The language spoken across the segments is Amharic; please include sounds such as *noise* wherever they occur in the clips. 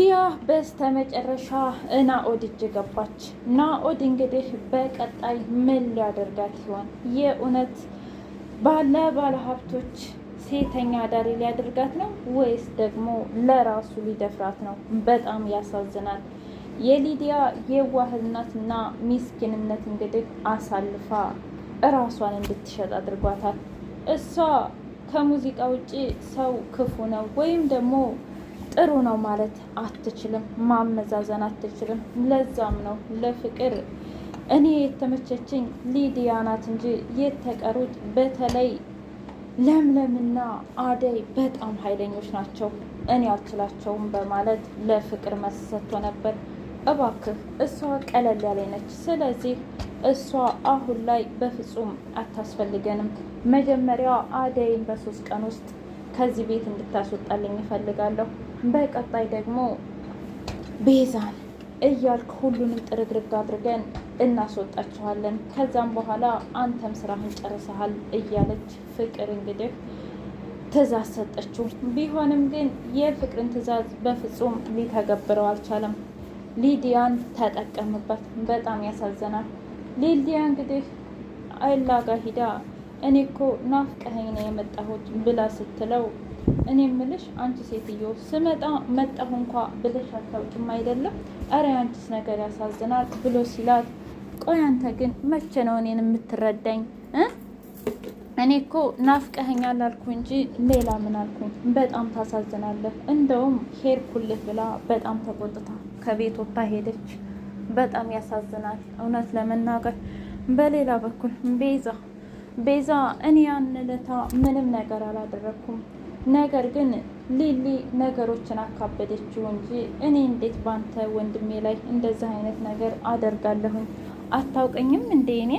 ጊያ በስተመጨረሻ ናኦድ እጅ ገባች። ናኦድ እንግዲህ በቀጣይ ምን ሊያደርጋት ይሆን? የእውነት ባለ ባለሀብቶች ሴተኛ አዳሪ ሊያደርጋት ነው ወይስ ደግሞ ለራሱ ሊደፍራት ነው? በጣም ያሳዝናል። የሊዲያ የዋህነትና ሚስኪንነት እንግዲህ አሳልፋ እራሷን እንድትሸጥ አድርጓታል። እሷ ከሙዚቃ ውጪ ሰው ክፉ ነው ወይም ደግሞ ጥሩ ነው ማለት አትችልም፣ ማመዛዘን አትችልም። ለዛም ነው ለፍቅር እኔ የተመቸችኝ ሊዲያ ናት እንጂ የተቀሩት በተለይ ለምለምና አደይ በጣም ኃይለኞች ናቸው፣ እኔ አልችላቸውም በማለት ለፍቅር መልስ ሰጥቶ ነበር። እባክህ እሷ ቀለል ያለች ነች። ስለዚህ እሷ አሁን ላይ በፍጹም አታስፈልገንም። መጀመሪያ አደይን በሶስት ቀን ውስጥ ከዚህ ቤት እንድታስወጣልኝ እፈልጋለሁ። በቀጣይ ደግሞ ቤዛን እያልክ ሁሉንም ጥርግርግ አድርገን እናስወጣችኋለን። ከዛም በኋላ አንተም ስራህን ጨርሰሃል እያለች ፍቅር እንግዲህ ትእዛዝ ሰጠችው። ቢሆንም ግን የፍቅርን ትእዛዝ በፍጹም ሊተገብረው አልቻለም። ሊዲያን ተጠቀምበት። በጣም ያሳዝናል። ሊዲያ እንግዲህ አይላ ሂዳ እኔ እኮ ናፍቀኸኝ ነው የመጣሁት ብላ ስትለው እኔ ምልሽ አንቺ ሴትዮ ስመጣ መጣሁ እንኳ ብለሽ አታውቂም አይደለም? አረ አንቺስ ነገር ያሳዝናል ብሎ ሲላት፣ ቆይ አንተ ግን መቼ ነው እኔን የምትረዳኝ? እኔ እኮ ናፍቀኸኛል አልኩ እንጂ ሌላ ምን አልኩኝ? በጣም ታሳዝናለህ። እንደውም ሄድኩልህ ብላ በጣም ተቆጥታ ከቤት ወጥታ ሄደች። በጣም ያሳዝናል እውነት ለመናገር። በሌላ በኩል ቤዛ ቤዛ እኔ ያንለታ ምንም ነገር አላደረግኩም ነገር ግን ሊሊ ነገሮችን አካበደችው እንጂ እኔ እንዴት ባንተ ወንድሜ ላይ እንደዚህ አይነት ነገር አደርጋለሁኝ? አታውቀኝም እንዴ እኔ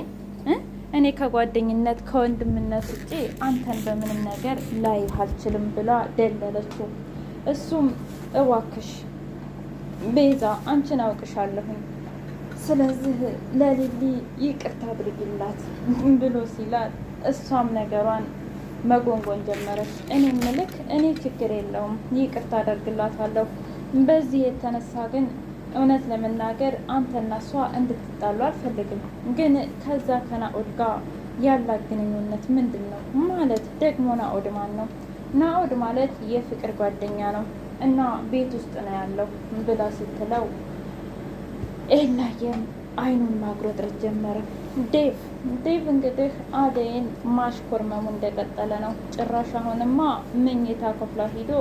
እኔ ከጓደኝነት ከወንድምነት ውጭ አንተን በምንም ነገር ላይ አልችልም ብላ ደለለችው። እሱም እዋክሽ ቤዛ አንቺን አውቅሻለሁኝ፣ ስለዚህ ለሊሊ ይቅርታ አድርግላት ብሎ ሲላት እሷም ነገሯን መጎንጎን ጀመረች። እኔ ምልክ እኔ ችግር የለውም ይቅርታ አደርግላታለሁ። በዚህ የተነሳ ግን እውነት ለመናገር አንተና እሷ እንድትጣሉ አልፈልግም። ግን ከዛ ከናኦድ ጋር ያላት ግንኙነት ምንድን ነው ማለት? ደግሞ ናኦድ ማን ነው? ናኦድ ማለት የፍቅር ጓደኛ ነው እና ቤት ውስጥ ነው ያለው ብላ ስትለው ኤላየም አይኑን ማጉረጥረት ጀመረ ዴቭ ዴቭ እንግዲህ አደይን ማሽኮርመሙ እንደቀጠለ ነው። ጭራሽ አሁንማ መኝታ ክፍሏ ሂዶ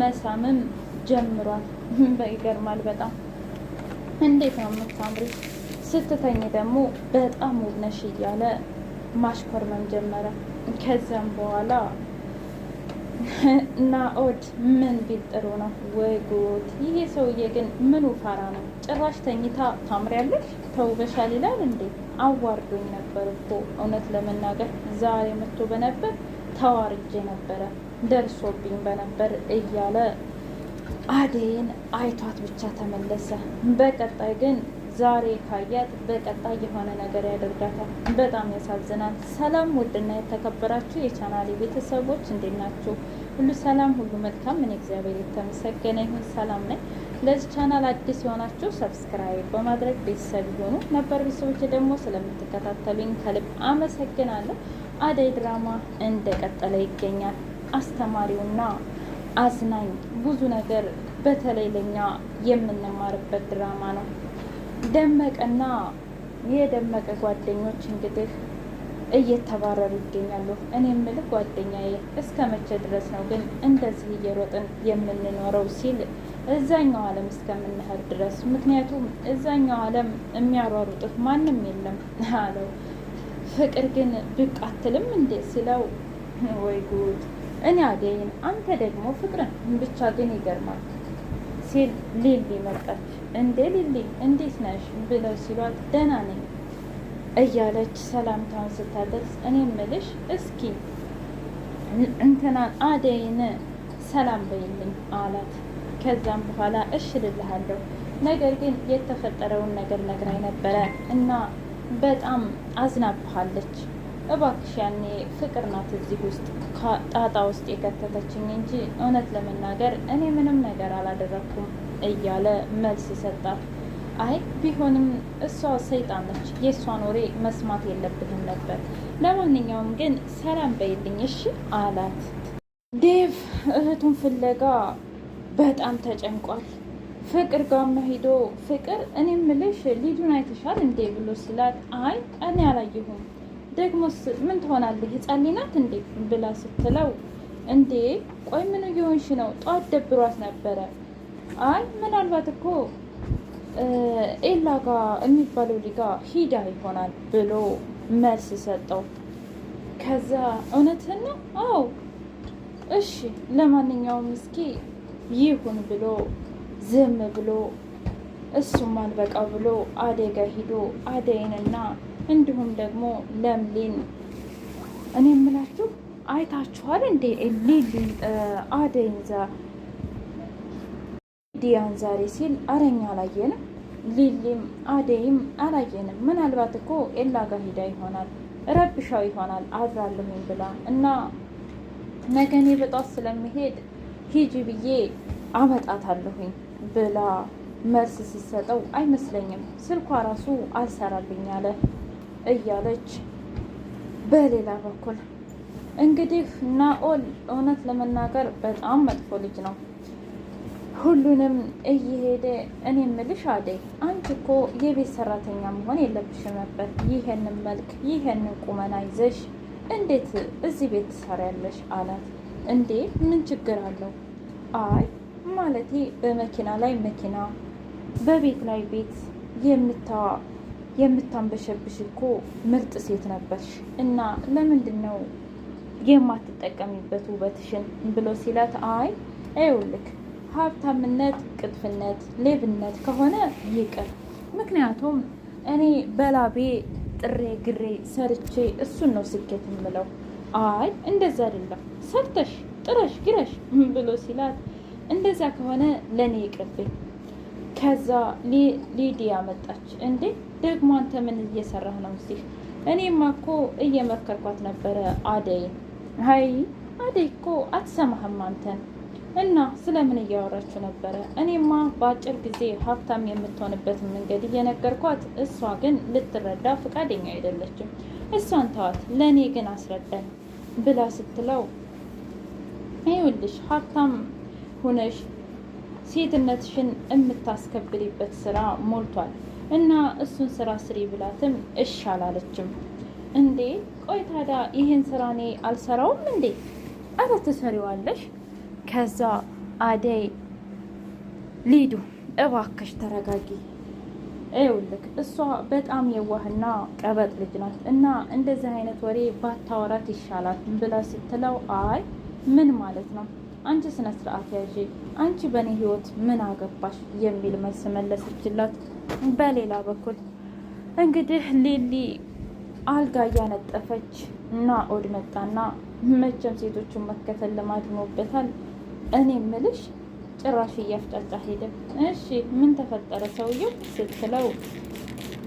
መሳምም ጀምሯል። *laughs* ይገርማል በጣም እንዴት ነው የምታምሪ፣ ስትተኝ ደግሞ በጣም ውብ ነሽ እያለ ማሽኮርመም ጀመረ። ከዚያም በኋላ ናኦድ ምን ቢል ጥሩ ነው? ወይ ጉድ! ይሄ ሰውዬ ግን ምኑ ፋራ ነው? ጭራሽ ተኝታ ታምሪያለሽ፣ ተውበሻል ይላል እንዴ! አዋርዶኝ ነበር እኮ እውነት ለመናገር ዛሬ መቶ በነበር ተዋርጄ ነበረ ደርሶብኝ በነበር እያለ አዴን አይቷት ብቻ ተመለሰ። በቀጣይ ግን ዛሬ ካያት በቀጣይ የሆነ ነገር ያደርጋታል። በጣም ያሳዝናል። ሰላም ውድና የተከበራችሁ የቻናሌ ቤተሰቦች እንዴት ናችሁ? ሁሉ ሰላም፣ ሁሉ መልካም። ምን እግዚአብሔር የተመሰገነ ይሁን። ሰላም ነኝ። ለዚህ ቻናል አዲስ የሆናችሁ ሰብስክራይብ በማድረግ ቤተሰብ የሆኑ ነበር ቤተሰቦች ደግሞ ስለምትከታተሉኝ ከልብ አመሰግናለሁ። አደይ ድራማ እንደቀጠለ ይገኛል። አስተማሪውና አዝናኝ ብዙ ነገር በተለይ ለኛ የምንማርበት ድራማ ነው። ደመቀና የደመቀ ጓደኞች እንግዲህ እየተባረሩ ይገኛሉ። እኔ የምልህ ጓደኛዬ እስከ መቼ ድረስ ነው ግን እንደዚህ እየሮጥን የምንኖረው? ሲል እዛኛው ዓለም እስከምንሄድ ድረስ ምክንያቱም እዛኛው ዓለም የሚያሯሩጥህ ማንም የለም አለው። ፍቅር ግን ብቅ አትልም እንዴ ሲለው፣ ወይ ጉድ እኔ አደይን አንተ ደግሞ ፍቅርን ብቻ ግን ይገርማል ሲል ሊል መጣች። እንዴ ሊሊ እንዴት ነሽ ብለው ሲሏት ደህና ነኝ እያለች ሰላምታውን ስታደርስ እኔ ምልሽ እስኪ እንትናን አደይን ሰላም በይልኝ አላት። ከዛም በኋላ እሽ ልልሃለሁ፣ ነገር ግን የተፈጠረውን ነገር ነግራኝ ነበረ እና በጣም አዝናብሃለች። እባክሽ ያኔ ፍቅር ናት እዚህ ውስጥ ጣጣ ውስጥ የከተተችኝ እንጂ እውነት ለመናገር እኔ ምንም ነገር አላደረኩም። እያለ መልስ ይሰጣል አይ ቢሆንም እሷ ሰይጣን ነች፣ የእሷን ወሬ መስማት የለብህም ነበር። ለማንኛውም ግን ሰላም በይልኝ እሺ አላት። ዴቭ እህቱን ፍለጋ በጣም ተጨንቋል። ፍቅር ጋር መሄዶ ፍቅር እኔ ምልሽ ሊዱን አይተሻል እንዴ ብሎ ስላት አይ እኔ አላየሁም ደግሞስ ምን ትሆናለህ ህፃን ናት እንዴ ብላ ስትለው እንዴ ቆይ ምን እየሆንሽ ነው? ጠዋት ደብሯት ነበረ አይ ምናልባት እኮ ኤላ ጋ የሚባለው ሊጋ ሂዳ ይሆናል ብሎ መልስ ሰጠው። ከዛ እውነት ነው? አዎ እሺ፣ ለማንኛውም እስኪ ይሁን ብሎ ዝም ብሎ እሱም አልበቃ ብሎ አደገ ሂዶ አደይንና እንዲሁም ደግሞ ለምሊን እኔ የምላችሁ አይታችኋል እንዴ ሊሊ አደይን ዲያን ዛሬ ሲል አረኛ አላየንም፣ ሊሊም አደይም አላየንም። ምናልባት እኮ ኤላ ጋር ሂዳ ይሆናል ረብሻው ይሆናል አድራለሁኝ ብላ እና ነገኔ በጧ በጧት ስለሚሄድ ሂጂ ብዬ አመጣታለሁኝ ብላ መልስ ሲሰጠው አይመስለኝም ስልኳ ራሱ አልሰራልኝ አለ እያለች በሌላ በኩል እንግዲህ ናኦል እውነት ለመናገር በጣም መጥፎ ልጅ ነው። ሁሉንም እየሄደ እኔ ምልሽ አደይ፣ አንቺ እኮ የቤት ሰራተኛ መሆን የለብሽም ነበር። ይህንን መልክ ይህንን ቁመና ይዘሽ እንዴት እዚህ ቤት ትሰሪያለሽ? አላት። እንዴ ምን ችግር አለው? አይ ማለቴ በመኪና ላይ መኪና፣ በቤት ላይ ቤት የምታንበሸብሽ እኮ ምርጥ ሴት ነበርሽ እና ለምንድን ነው የማትጠቀሚበት ውበትሽን? ብሎ ሲላት አይ ይኸውልህ ሀብታምነት፣ ቅጥፍነት፣ ሌብነት ከሆነ ይቅር። ምክንያቱም እኔ በላቤ ጥሬ ግሬ ሰርቼ እሱን ነው ስኬት የምለው። አይ እንደዛ አይደለም ሰርተሽ ጥረሽ ግረሽ ብሎ ሲላት እንደዛ ከሆነ ለእኔ ይቅርብኝ። ከዛ ሊዲያ መጣች። እንዴ ደግሞ አንተ ምን እየሰራህ ነው ሲል እኔማ እኮ እየመከርኳት ነበረ አደይ አይ አደይ እኮ አትሰማህም አንተን እና ስለምን እያወራችሁ ነበረ? እኔማ በአጭር ጊዜ ሀብታም የምትሆንበትን መንገድ እየነገርኳት፣ እሷ ግን ልትረዳ ፈቃደኛ አይደለችም። እሷን ተዋት፣ ለእኔ ግን አስረዳኝ ብላ ስትለው ይኸውልሽ ሀብታም ሁነሽ ሴትነትሽን የምታስከብሪበት ስራ ሞልቷል እና እሱን ስራ ስሪ ብላትም እሺ አላለችም። እንዴ ቆይ ታዲያ ይህን ስራ እኔ አልሰራውም እንዴ? አረ ትሰሪዋለሽ ከዛ አደይ ሊዱ እባክሽ ተረጋጊ፣ ይኸውልህ እሷ በጣም የዋህና ቀበጥ ልጅ ናት እና እንደዚህ አይነት ወሬ ባታወራት ይሻላል ብላ ስትለው አይ ምን ማለት ነው አንቺ ስነ ስርዓት ያዥ፣ አንቺ በእኔ ህይወት ምን አገባሽ የሚል መልስ መለሰችላት። በሌላ በኩል እንግዲህ ሊሊ አልጋ እያነጠፈች ኦድ መጣና መቼም ሴቶቹን መከተል ልማድ ይኖርበታል እኔ ምልሽ ጭራሽ እያፍጫጫ ሄደ። እሺ ምን ተፈጠረ ሰውየው ስትለው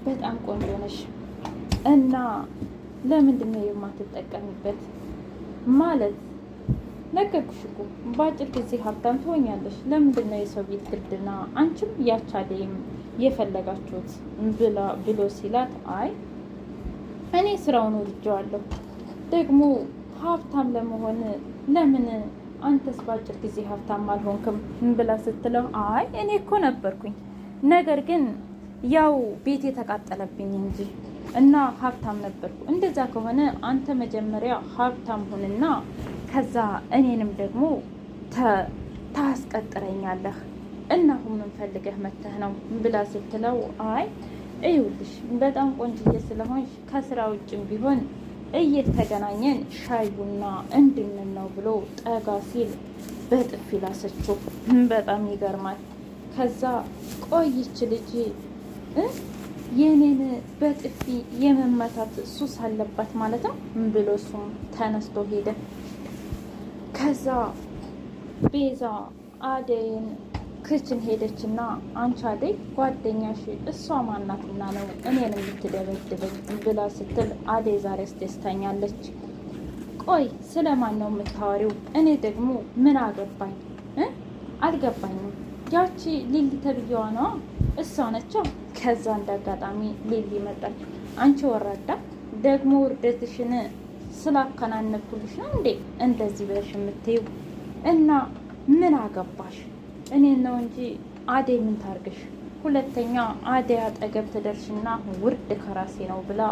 በጣም ቆንጆ ነሽ እና ለምንድን ነው የማትጠቀሚበት? ማለት ነገርኩሽ እኮ በአጭር ጊዜ ሀብታም ትሆኛለሽ። ለምንድን ነው የሰው ቤት ግድና አንቺም ያቻለይም የፈለጋችሁት ብሎ ሲላት፣ አይ እኔ ስራውን ወድጀዋለሁ። ደግሞ ሀብታም ለመሆን ለምን አንተስ በአጭር ጊዜ ሀብታም አልሆንክም ብላ ስትለው አይ እኔ እኮ ነበርኩኝ፣ ነገር ግን ያው ቤት የተቃጠለብኝ እንጂ እና ሀብታም ነበርኩ። እንደዛ ከሆነ አንተ መጀመሪያ ሀብታም ሁንና ከዛ እኔንም ደግሞ ታስቀጥረኛለህ እና ሁሉም ፈልገህ መተህ ነው ብላ ስትለው አይ እዩልሽ በጣም ቆንጅዬ ስለሆንሽ ከስራ ውጭም ቢሆን እየተገናኘን ሻይ ቡና እንድንል ነው ብሎ ጠጋ ሲል በጥፊ ላሰችው። በጣም ይገርማል። ከዛ ቆይች ልጅ የኔን በጥፊ የመመታት ሱስ አለባት ማለት ነው ብሎ እሱም ተነስቶ ሄደ። ከዛ ቤዛ አደይን ክችን ሄደች እና አንቺ አደይ ጓደኛሽ እሷ ማናትና ነው እኔን የምትደበድበኝ ብላ ስትል አደይ ዛሬ አስደስታኛለች። ቆይ ማን ነው የምታወሪው? እኔ ደግሞ ምን አገባኝ አልገባኝም። ያቺ ሊሊ ተብዬዋ ነዋ እሷ ነችው። ከዛ እንደ አጋጣሚ ሊሊ መጣች። አንቺ ወራዳ ደግሞ ውርደትሽን ስላከናነኩልሽ ነው እንዴ እንደዚህ ብለሽ የምትይው? እና ምን አገባሽ እኔ ነው እንጂ አዴ ምን ታርግሽ? ሁለተኛ አደይ አጠገብ ትደርሽና ውርድ ከራሴ ነው ብላ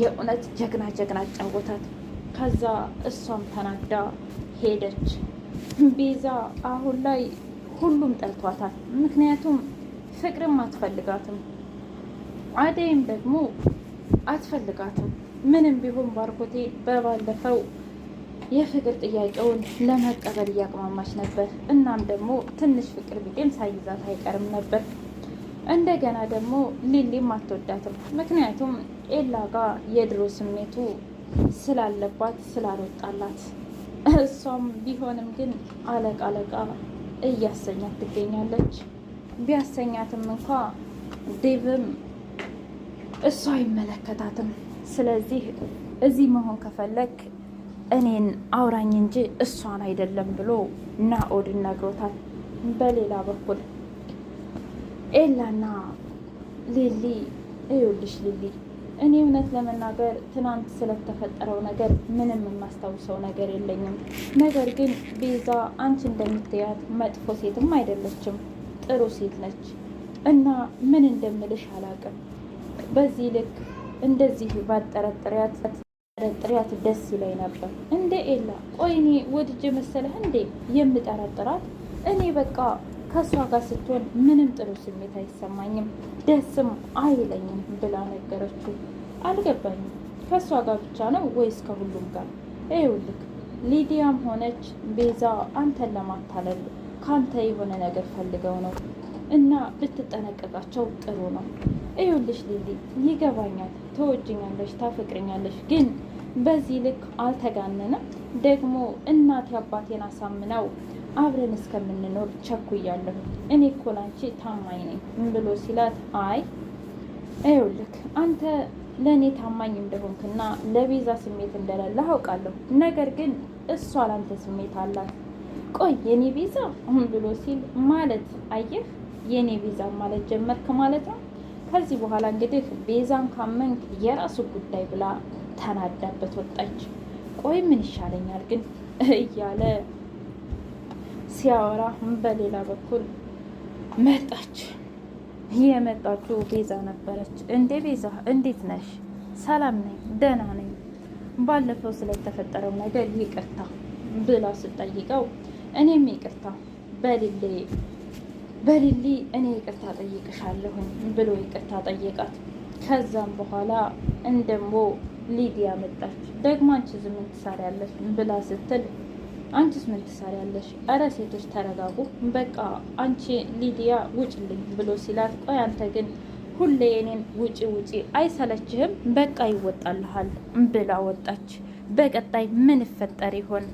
የእውነት ጀግና ጀግና አጫወታት። ከዛ እሷም ተናዳ ሄደች። ቤዛ አሁን ላይ ሁሉም ጠልቷታል። ምክንያቱም ፍቅርም አትፈልጋትም፣ አደይም ደግሞ አትፈልጋትም። ምንም ቢሆን ባርኮቴ በባለፈው የፍቅር ጥያቄውን ለመቀበል እያቅማማች ነበር። እናም ደግሞ ትንሽ ፍቅር ቢጤም ሳይዛት አይቀርም ነበር። እንደገና ደግሞ ሊሊም አትወዳትም። ምክንያቱም ኤላ ጋር የድሮ ስሜቱ ስላለባት ስላልወጣላት፣ እሷም ቢሆንም ግን አለቃ አለቃ እያሰኛት ትገኛለች። ቢያሰኛትም እንኳ ዴቭም እሷ አይመለከታትም። ስለዚህ እዚህ መሆን ከፈለግ እኔን አውራኝ እንጂ እሷን አይደለም ብሎ ናኦድን ነግሮታል። በሌላ በኩል ኤላና ሊሊ እዩልሽ ሊሊ፣ እኔ እውነት ለመናገር ትናንት ስለተፈጠረው ነገር ምንም የማስታውሰው ነገር የለኝም። ነገር ግን ቤዛ አንቺ እንደምትያት መጥፎ ሴትም አይደለችም፣ ጥሩ ሴት ነች እና ምን እንደምልሽ አላውቅም። በዚህ ልክ እንደዚህ ባጠረጥሪያት ጠረጥሪያት ደስ ይለኝ ነበር እንደ ኤላ። ቆይ እኔ ወድጄ መሰለህ እንዴ የምጠረጥራት? እኔ በቃ ከእሷ ጋር ስትሆን ምንም ጥሩ ስሜት አይሰማኝም፣ ደስም አይለኝም ብላ ነገረችው። አልገባኝም፣ ከእሷ ጋር ብቻ ነው ወይስ ከሁሉም ጋር? ይኸውልህ ሊዲያም ሆነች ቤዛ አንተን ለማታለል ከአንተ የሆነ ነገር ፈልገው ነው እና ብትጠነቀቃቸው ጥሩ ነው። እዩልሽ ሊሊ ይገባኛል፣ ተወጅኛለሽ፣ ታፈቅርኛለሽ ግን በዚህ ልክ አልተጋነነም ደግሞ እናቴ አባቴን አሳምነው አብረን እስከምንኖር ቸኩያለሁ። እኔ እኮ ላንቺ ታማኝ ነኝ ብሎ ሲላት፣ አይ ይኸውልህ አንተ ለእኔ ታማኝ እንደሆንክና ለቤዛ ስሜት እንደሌለ አውቃለሁ። ነገር ግን እሷ ላንተ ስሜት አላት። ቆይ የኔ ቤዛ ብሎ ሲል ማለት አየህ የኔ ቤዛ ማለት ጀመርክ ማለት ነው። ከዚህ በኋላ እንግዲህ ቤዛን ካመንክ የራሱ ጉዳይ ብላ ተናዳበት ወጣች። ቆይ ምን ይሻለኛል ግን እያለ ሲያወራ በሌላ በኩል መጣች። የመጣችው ቤዛ ነበረች። እንዴ ቤዛ እንዴት ነሽ? ሰላም ነኝ፣ ደህና ነኝ። ባለፈው ስለተፈጠረው ነገር ይቅርታ ብላ ስጠይቀው እኔም ይቅርታ በሌሌ በሊሊ እኔ ይቅርታ ጠይቅሻለሁኝ ብሎ ይቅርታ ጠየቃት። ከዛም በኋላ እንደሞ ሊዲያ መጣች። ደግሞ አንቺስ ምን ትሰሪያለሽ ብላ ስትል አንቺስ ምን ትሰሪያለሽ? እረ ሴቶች ተረጋጉ፣ በቃ አንቺ ሊዲያ ውጭልኝ ብሎ ሲላት፣ ቆይ አንተ ግን ሁሌ የኔን ውጪ ውጪ አይሰለችህም? በቃ ይወጣልሃል ብላ ወጣች። በቀጣይ ምን ይፈጠር ይሆን?